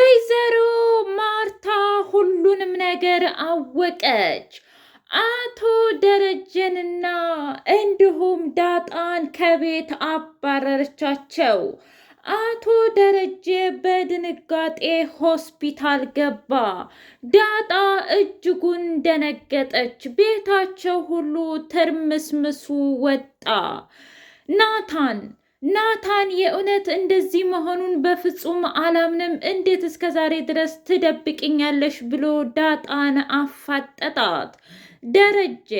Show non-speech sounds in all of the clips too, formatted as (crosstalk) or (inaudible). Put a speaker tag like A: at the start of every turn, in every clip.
A: ወይዘሮ ማርታ ሁሉንም ነገር አወቀች። አቶ ደረጀንና እንዲሁም ዳጣን ከቤት አባረረቻቸው። አቶ ደረጀ በድንጋጤ ሆስፒታል ገባ። ዳጣ እጅጉን ደነገጠች። ቤታቸው ሁሉ ትርምስምሱ ወጣ። ናታን ናታን የእውነት እንደዚህ መሆኑን በፍጹም አላምንም፣ እንዴት እስከ ዛሬ ድረስ ትደብቅኛለሽ? ብሎ ዳጣን አፋጠጣት። ደረጀ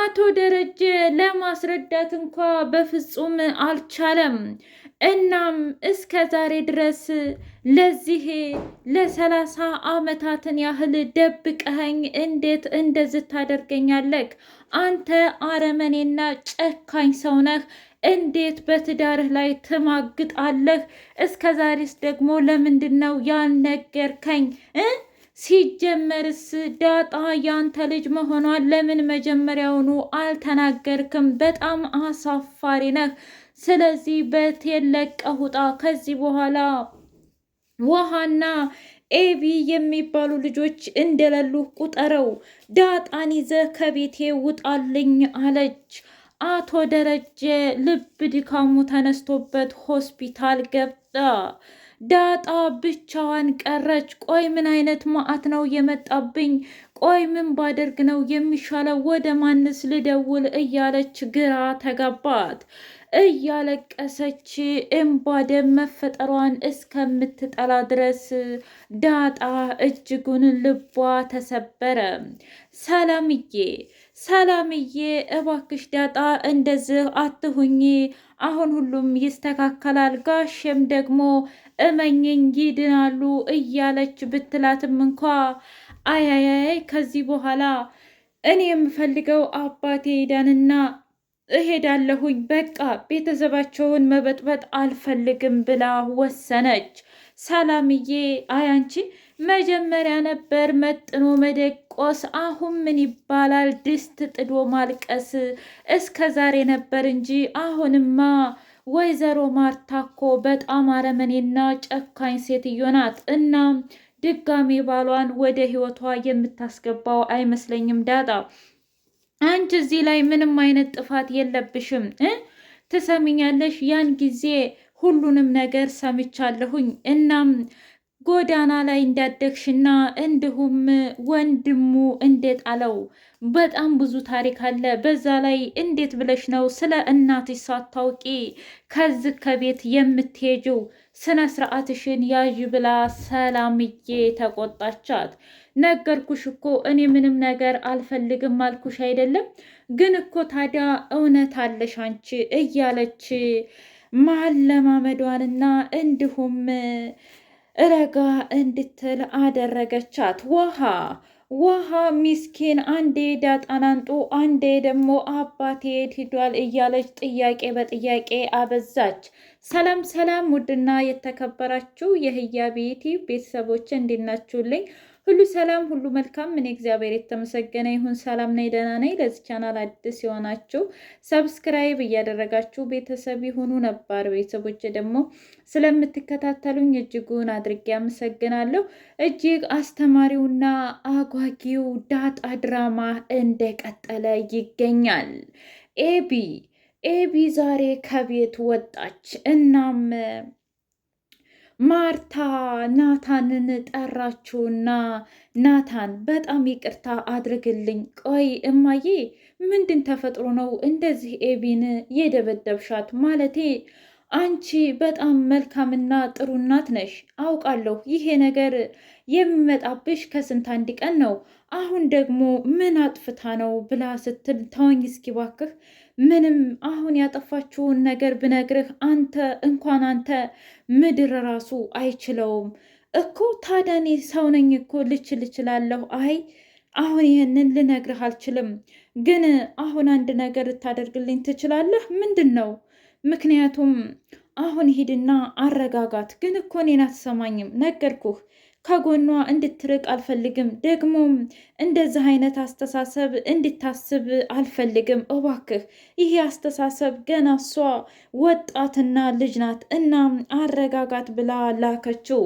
A: አቶ ደረጀ ለማስረዳት እንኳ በፍጹም አልቻለም። እናም እስከ ዛሬ ድረስ ለዚህ ለሰላሳ ዓመታትን ያህል ደብቀኸኝ እንዴት እንደዚህ ታደርገኛለህ? አንተ አረመኔና ጨካኝ ሰው ነህ። እንዴት በትዳርህ ላይ ትማግጣለህ? እስከ ዛሬስ ደግሞ ለምንድን ነው ያልነገርከኝ? ሲጀመርስ ዳጣ ያንተ ልጅ መሆኗን ለምን መጀመሪያውኑ አልተናገርክም? በጣም አሳፋሪ ነህ። ስለዚህ ቤቴን ለቀህ ውጣ። ከዚህ በኋላ ውሃና ኤቢ የሚባሉ ልጆች እንደሌሉ ቁጠረው። ዳጣን ይዘህ ከቤቴ ውጣልኝ አለች። አቶ ደረጀ ልብ ድካሙ ተነስቶበት ሆስፒታል ገብጣ ዳጣ ብቻዋን ቀረች። ቆይ ምን አይነት ማዕት ነው የመጣብኝ? ቆይ ምን ባደርግ ነው የሚሻለው? ወደ ማንስ ልደውል? እያለች ግራ ተጋባት። እያለቀሰች እምባደም መፈጠሯን እስከምትጠላ ድረስ ዳጣ እጅጉን ልቧ ተሰበረ። ሰላምዬ ሰላምዬ እባክሽ ዳጣ እንደዚህ አትሁኚ፣ አሁን ሁሉም ይስተካከላል። ጋሼም ደግሞ እመኝኝ ይድናሉ እያለች ብትላትም እንኳ አያያይ ከዚህ በኋላ እኔ የምፈልገው አባቴ ይዳንና እሄዳለሁኝ በቃ ቤተሰባቸውን መበጥበጥ አልፈልግም ብላ ወሰነች። ሰላምዬ አያንቺ መጀመሪያ ነበር መጥኖ መደቆስ፣ አሁን ምን ይባላል ድስት ጥዶ ማልቀስ። እስከ ዛሬ ነበር እንጂ አሁንማ ወይዘሮ ማርታ እኮ በጣም አረመኔና ጨካኝ ሴትዮ ናት እና ድጋሚ ባሏን ወደ ህይወቷ የምታስገባው አይመስለኝም። ዳጣ አንቺ እዚህ ላይ ምንም አይነት ጥፋት የለብሽም እ ትሰሚኛለሽ ያን ጊዜ ሁሉንም ነገር ሰምቻለሁኝ እናም ጎዳና ላይ እንዳደግሽና እንዲሁም ወንድሙ እንዴት አለው በጣም ብዙ ታሪክ አለ። በዛ ላይ እንዴት ብለሽ ነው ስለ እናትሽ ሳታውቂ ከዚህ ከቤት የምትሄጂው? ስነ ስርዓትሽን ያዥ ብላ ሰላምዬ ተቆጣቻት። ነገርኩሽ እኮ እኔ ምንም ነገር አልፈልግም አልኩሽ አይደለም? ግን እኮ ታዲያ እውነት አለሽ አንቺ እያለች ማለማመዷንና እንዲሁም ረጋ እንድትል አደረገቻት። ውሃ ውሃ ሚስኪን አንዴ ዳጣን አንጡ አንዴ ደግሞ አባቴ የት ሂዷል እያለች ጥያቄ በጥያቄ አበዛች። ሰላም ሰላም! ውድና የተከበራችሁ የህያ ቤቲ ቤተሰቦች እንዲናችሁልኝ ሁሉ ሰላም፣ ሁሉ መልካም። እኔ እግዚአብሔር የተመሰገነ ይሁን። ሰላም ነኝ፣ ደህና ነኝ። ለዚህ ቻናል አዲስ የሆናችሁ ሰብስክራይብ እያደረጋችሁ ቤተሰብ የሆኑ ነባር ቤተሰቦች ደግሞ ስለምትከታተሉኝ እጅጉን አድርጌ አመሰግናለሁ። እጅግ አስተማሪውና አጓጊው ዳጣ ድራማ እንደቀጠለ ይገኛል። ኤቢ ኤቢ ዛሬ ከቤት ወጣች። እናም ማርታ ናታንን ጠራችውና ናታን በጣም ይቅርታ አድርግልኝ። ቆይ እማዬ ምንድን ተፈጥሮ ነው እንደዚህ ኤቢን የደበደብሻት? ማለቴ አንቺ በጣም መልካምና ጥሩ እናት ነሽ፣ አውቃለሁ። ይሄ ነገር የሚመጣብሽ ከስንት አንድ ቀን ነው። አሁን ደግሞ ምን አጥፍታ ነው ብላ ስትል ተወኝ እስኪ ባክህ ምንም አሁን ያጠፋችውን ነገር ብነግርህ አንተ እንኳን አንተ ምድር ራሱ አይችለውም እኮ ታዲያ እኔ ሰው ነኝ እኮ ልችል እችላለሁ። አይ አሁን ይህንን ልነግርህ አልችልም፣ ግን አሁን አንድ ነገር ልታደርግልኝ ትችላለህ። ምንድን ነው? ምክንያቱም አሁን ሂድና አረጋጋት። ግን እኮ እኔን አትሰማኝም፣ ነገርኩህ ከጎኗ እንድትርቅ አልፈልግም። ደግሞም እንደዚህ አይነት አስተሳሰብ እንድታስብ አልፈልግም። እባክህ ይህ አስተሳሰብ ገና እሷ ወጣትና ልጅ ናት እና አረጋጋት ብላ ላከችው።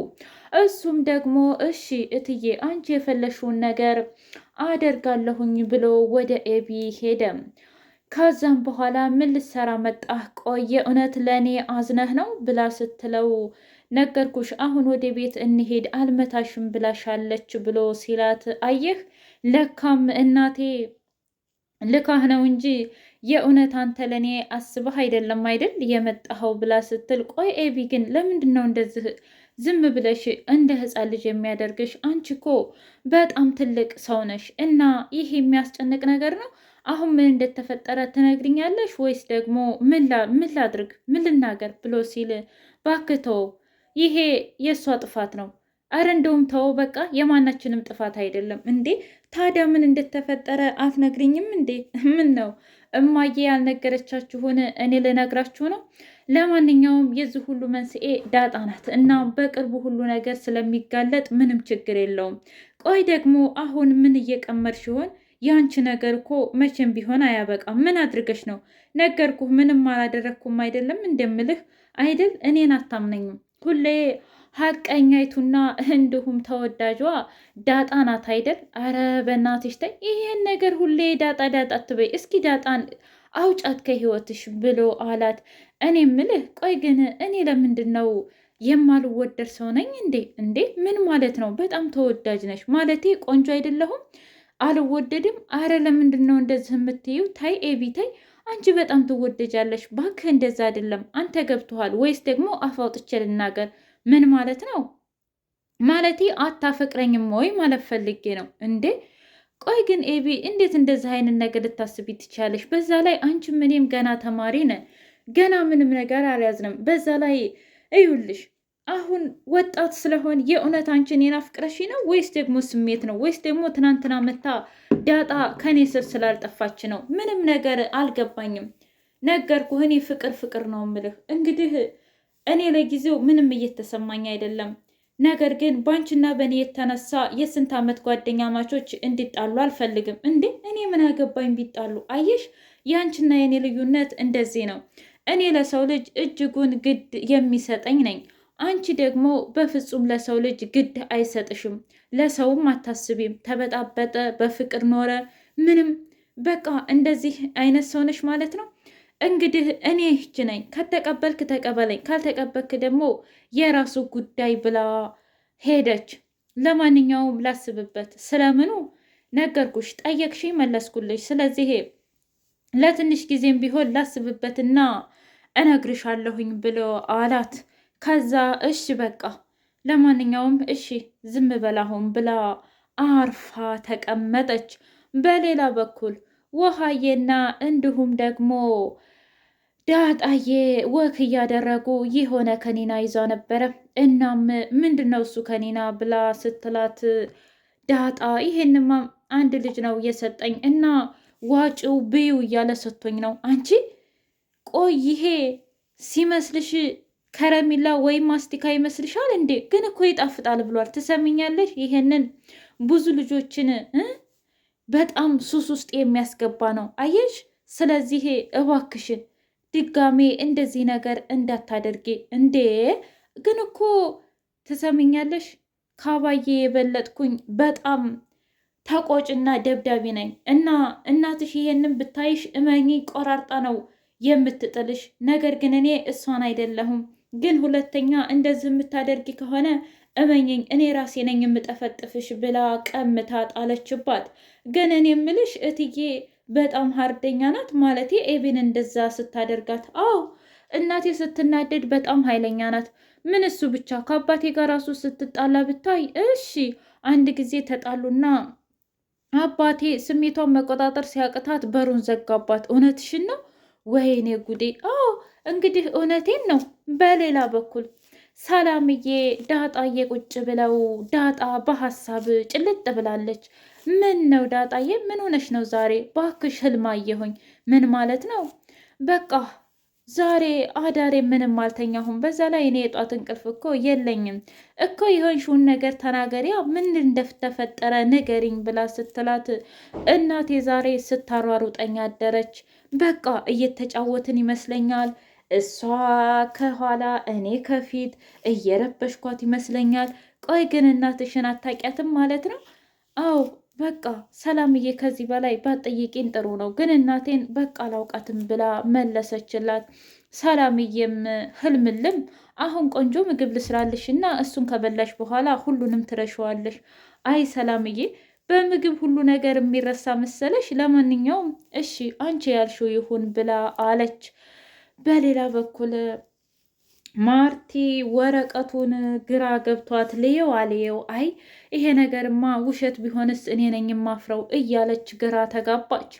A: እሱም ደግሞ እሺ እትዬ አንቺ የፈለሽውን ነገር አደርጋለሁኝ ብሎ ወደ ኤቢ ሄደ። ከዛም በኋላ ምን ልትሰራ መጣህ? ቆየ እውነት ለእኔ አዝነህ ነው ብላ ስትለው ነገርኩሽ፣ አሁን ወደ ቤት እንሄድ አልመታሽም ብላሻለች ብሎ ሲላት፣ አየህ ለካም እናቴ ልካህ ነው እንጂ የእውነት አንተ ለእኔ አስበህ አይደለም አይደል የመጣኸው ብላ ስትል፣ ቆይ ኤቢ ግን ለምንድን ነው እንደዚህ ዝም ብለሽ እንደ ህፃን ልጅ የሚያደርግሽ? አንቺ እኮ በጣም ትልቅ ሰው ነሽ እና ይህ የሚያስጨንቅ ነገር ነው። አሁን ምን እንደተፈጠረ ትነግሪኛለሽ ወይስ ደግሞ ምን ላድርግ ምን ልናገር ብሎ ሲል ባክተው ይሄ የእሷ ጥፋት ነው። አረ እንደውም ተው በቃ የማናችንም ጥፋት አይደለም። እንዴ ታዲያ ምን እንደተፈጠረ አትነግሪኝም እንዴ? (laughs) ምን ነው እማዬ ያልነገረቻችሁን እኔ ልነግራችሁ ነው? ለማንኛውም የዚህ ሁሉ መንስኤ ዳጣ ናት እና በቅርቡ ሁሉ ነገር ስለሚጋለጥ ምንም ችግር የለውም። ቆይ ደግሞ አሁን ምን እየቀመር ሲሆን ያንቺ ነገር እኮ መቼም ቢሆን አያበቃም። ምን አድርገሽ ነው? ነገርኩህ፣ ምንም አላደረግኩም አይደለም እንደምልህ አይደል? እኔን አታምነኝም ሁሌ ሀቀኛይቱና እንዲሁም ተወዳጇ ዳጣ ናት አይደል? አረ በናትሽ ተይ ይህን ነገር ሁሌ ዳጣ ዳጣ አትበይ። እስኪ ዳጣን አውጫት ከህይወትሽ ብሎ አላት። እኔ ምልህ ቆይ ግን እኔ ለምንድን ነው የማልወደድ ሰው ነኝ እንዴ? እንዴ ምን ማለት ነው? በጣም ተወዳጅ ነሽ ማለቴ ቆንጆ አይደለሁም አልወደድም? አረ ለምንድን ነው እንደዚህ የምትይው? ታይ ኤቢ ታይ አንቺ በጣም ትወደጃለሽ፣ ባክህ እንደዛ አይደለም አንተ ገብቶሃል ወይስ ደግሞ አፋውጥቼ ልናገር? ምን ማለት ነው? ማለቴ አታፈቅረኝም ወይ ማለት ፈልጌ ነው እንዴ? ቆይ ግን ኤቢ እንዴት እንደዚህ አይነት ነገር ልታስቢ ትቻለሽ? በዛ ላይ አንቺም እኔም ገና ተማሪ ነን፣ ገና ምንም ነገር አልያዝንም። በዛ ላይ እዩልሽ አሁን ወጣት ስለሆን የእውነት አንቺን የናፍቅረሽ ነው ወይስ ደግሞ ስሜት ነው ወይስ ደግሞ ትናንትና መታ ዳጣ ከኔ ስር ስላልጠፋች ነው። ምንም ነገር አልገባኝም። ነገርኩህ፣ እኔ ፍቅር ፍቅር ነው ምልህ። እንግዲህ እኔ ለጊዜው ምንም እየተሰማኝ አይደለም። ነገር ግን ባንቺና በእኔ የተነሳ የስንት ዓመት ጓደኛ ማቾች እንዲጣሉ አልፈልግም። እንዴ እኔ ምን አገባኝ ቢጣሉ? አየሽ፣ የአንቺና የእኔ ልዩነት እንደዚህ ነው። እኔ ለሰው ልጅ እጅጉን ግድ የሚሰጠኝ ነኝ። አንቺ ደግሞ በፍጹም ለሰው ልጅ ግድ አይሰጥሽም። ለሰውም አታስቢም። ተበጣበጠ፣ በፍቅር ኖረ፣ ምንም በቃ እንደዚህ አይነት ሰው ነሽ ማለት ነው። እንግዲህ እኔ ይህች ነኝ፣ ከተቀበልክ ተቀበለኝ፣ ካልተቀበልክ ደግሞ የራሱ ጉዳይ ብላ ሄደች። ለማንኛውም ላስብበት። ስለምኑ ነገርኩሽ፣ ጠየቅሽኝ፣ መለስኩልሽ። ስለዚህ ለትንሽ ጊዜም ቢሆን ላስብበትና እነግርሻለሁኝ ብሎ አላት። ከዛ እሽ በቃ ለማንኛውም እሺ ዝም በላሁን ብላ አርፋ ተቀመጠች። በሌላ በኩል ውሃዬና እንዲሁም ደግሞ ዳጣዬ ወክ እያደረጉ የሆነ ከኒና ይዛ ነበረ። እናም ምንድን ነው እሱ ከኒና ብላ ስትላት ዳጣ ይሄንማ አንድ ልጅ ነው እየሰጠኝ እና ዋጪው ብዩ እያለ ሰጥቶኝ ነው። አንቺ ቆይ ይሄ ሲመስልሽ ከረሚላ ወይም ማስቲካ ይመስልሻል እንዴ? ግን እኮ ይጣፍጣል ብሏል። ትሰሚኛለሽ? ይሄንን ብዙ ልጆችን በጣም ሱስ ውስጥ የሚያስገባ ነው። አየሽ? ስለዚህ እባክሽን ድጋሜ እንደዚህ ነገር እንዳታደርጊ። እንዴ ግን እኮ ትሰሚኛለሽ? ካባዬ የበለጥኩኝ በጣም ተቆጭና ደብዳቤ ነኝ እና እናትሽ ይሄንን ብታይሽ እመኚ ቆራርጣ ነው የምትጥልሽ። ነገር ግን እኔ እሷን አይደለሁም ግን ሁለተኛ እንደዚህ የምታደርጊ ከሆነ እመኝኝ እኔ ራሴ ነኝ የምጠፈጥፍሽ ብላ ቀምታ ጣለችባት። ግን እኔ የምልሽ እትዬ በጣም ሀርደኛ ናት ማለቴ ኤቤን እንደዛ ስታደርጋት። አዎ እናቴ ስትናደድ በጣም ኃይለኛ ናት። ምን እሱ ብቻ ከአባቴ ጋር ራሱ ስትጣላ ብታይ። እሺ አንድ ጊዜ ተጣሉና አባቴ ስሜቷን መቆጣጠር ሲያቅታት በሩን ዘጋባት። እውነትሽን ነው? ወይኔ ጉዴ! አዎ እንግዲህ እውነቴን ነው። በሌላ በኩል ሰላምዬ ዳጣዬ ቁጭ ብለው ዳጣ በሀሳብ ጭልጥ ብላለች። ምን ነው ዳጣዬ፣ ምን ሆነሽ ነው ዛሬ? ባክሽ ህልም አየሁኝ። ምን ማለት ነው? በቃ ዛሬ አዳሬ ምንም አልተኛሁም። በዛ ላይ እኔ የጧት እንቅልፍ እኮ የለኝም እኮ የሆንሽውን ነገር ተናገሪያ፣ ምን እንደተፈጠረ ንገሪኝ ብላ ስትላት እናቴ ዛሬ ስታሯሩጠኝ አደረች። በቃ እየተጫወትን ይመስለኛል እሷ ከኋላ እኔ ከፊት እየረበሽኳት ይመስለኛል። ቆይ ግን እናትሽን አታውቂያትም ማለት ነው? አዎ በቃ ሰላምዬ፣ ከዚህ በላይ ባጠይቂን ጥሩ ነው። ግን እናቴን በቃ አላውቃትም ብላ መለሰችላት። ሰላምዬም ህልምልም፣ አሁን ቆንጆ ምግብ ልስራልሽ እና እሱን ከበላሽ በኋላ ሁሉንም ትረሸዋለሽ። አይ ሰላምዬ፣ በምግብ ሁሉ ነገር የሚረሳ መሰለሽ? ለማንኛውም እሺ አንቺ ያልሽው ይሁን ብላ አለች። በሌላ በኩል ማርቲ ወረቀቱን ግራ ገብቷት ልየው አልየው አይ ይሄ ነገርማ ውሸት ቢሆንስ እኔ ነኝ የማፍረው እያለች ግራ ተጋባች።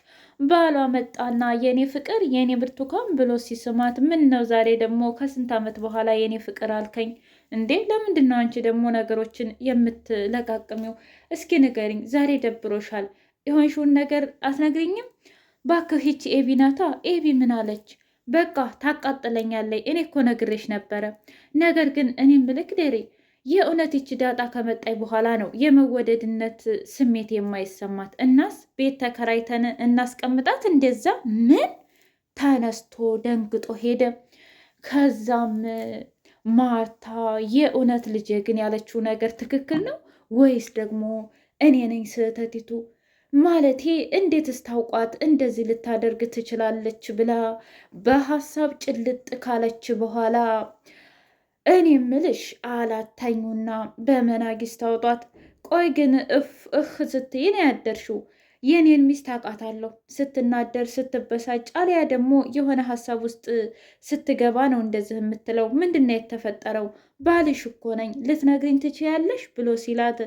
A: ባሏ መጣና የኔ ፍቅር የኔ ብርቱካን ብሎ ሲስማት፣ ምን ነው ዛሬ ደግሞ ከስንት ዓመት በኋላ የኔ ፍቅር አልከኝ እንዴ? ለምንድን ነው አንቺ ደግሞ ነገሮችን የምትለቃቅሚው? እስኪ ንገሪኝ፣ ዛሬ ደብሮሻል የሆንሽውን ነገር አትነግሪኝም? ባክህች ይቺ ኤቢ ናታ። ኤቢ ምን አለች? በቃ ታቃጥለኛለይ። እኔ እኮ ነግሬሽ ነበረ። ነገር ግን እኔ ምልክ ደሬ የእውነት ይች ዳጣ ከመጣይ በኋላ ነው የመወደድነት ስሜት የማይሰማት። እናስ ቤት ተከራይተን እናስቀምጣት። እንደዛ ምን ተነስቶ ደንግጦ ሄደ። ከዛም ማርታ የእውነት ልጄ ግን ያለችው ነገር ትክክል ነው ወይስ ደግሞ እኔ ነኝ ስህተቲቱ? ማለቴ እንዴት ስታውቋት እንደዚህ ልታደርግ ትችላለች ብላ በሀሳብ ጭልጥ ካለች በኋላ እኔ ምልሽ አላታኙና በመናጊስ ታውጧት። ቆይ ግን እፍ እህ ስትይ ነው ያደርሽው። የኔን ሚስት አውቃታለሁ። ስትናደር፣ ስትበሳጭ አሊያ ደግሞ የሆነ ሀሳብ ውስጥ ስትገባ ነው እንደዚህ የምትለው። ምንድን ነው የተፈጠረው? ባልሽ እኮ ነኝ፣ ልትነግሪኝ ትችያለሽ ብሎ ሲላት፣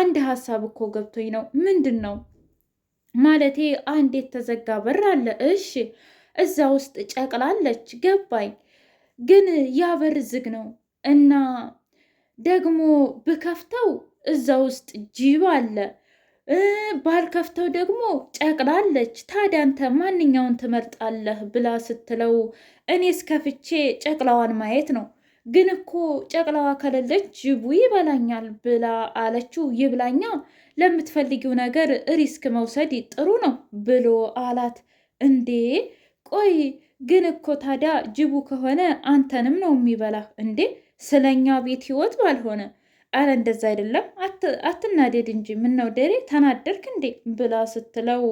A: አንድ ሀሳብ እኮ ገብቶኝ ነው። ምንድን ነው ማለቴ አንድ የተዘጋ በር አለ። እሺ እዛ ውስጥ ጨቅላለች፣ ገባኝ። ግን ያ በር ዝግ ነው እና ደግሞ ብከፍተው እዛ ውስጥ ጅብ አለ፣ ባልከፍተው ደግሞ ጨቅላለች። ታዲያ አንተ ማንኛውን ትመርጣለህ? ብላ ስትለው እኔ እስከፍቼ ጨቅላዋን ማየት ነው ግን እኮ ጨቅላዋ ከሌለች ጅቡ ይበላኛል ብላ አለችው። ይብላኛ ለምትፈልጊው ነገር ሪስክ መውሰድ ጥሩ ነው ብሎ አላት። እንዴ ቆይ ግን እኮ ታዲያ ጅቡ ከሆነ አንተንም ነው የሚበላ እንዴ? ስለኛ ቤት ህይወት ባልሆነ። አረ እንደዛ አይደለም፣ አትናደድ እንጂ ምነው ደሬ ተናደርክ እንዴ? ብላ ስትለው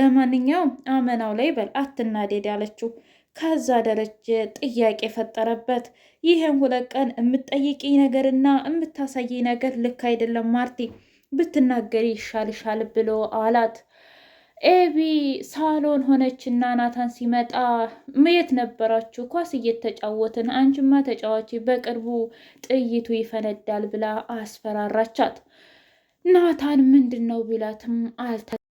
A: ለማንኛውም አመናው ላይ በል አትናደድ አለችው። ከዛ ደረጀ ጥያቄ ፈጠረበት። ይህን ሁለት ቀን የምትጠይቂ ነገርና የምታሳይ ነገር ልክ አይደለም ማርቲ፣ ብትናገሪ ይሻልሻል ብሎ አላት። ኤቢ ሳሎን ሆነችና ናታን ሲመጣ የት ነበራችሁ? ኳስ እየተጫወትን፣ አንቺማ ተጫዋች፣ በቅርቡ ጥይቱ ይፈነዳል ብላ አስፈራራቻት። ናታን ምንድን ነው ቢላትም አልተ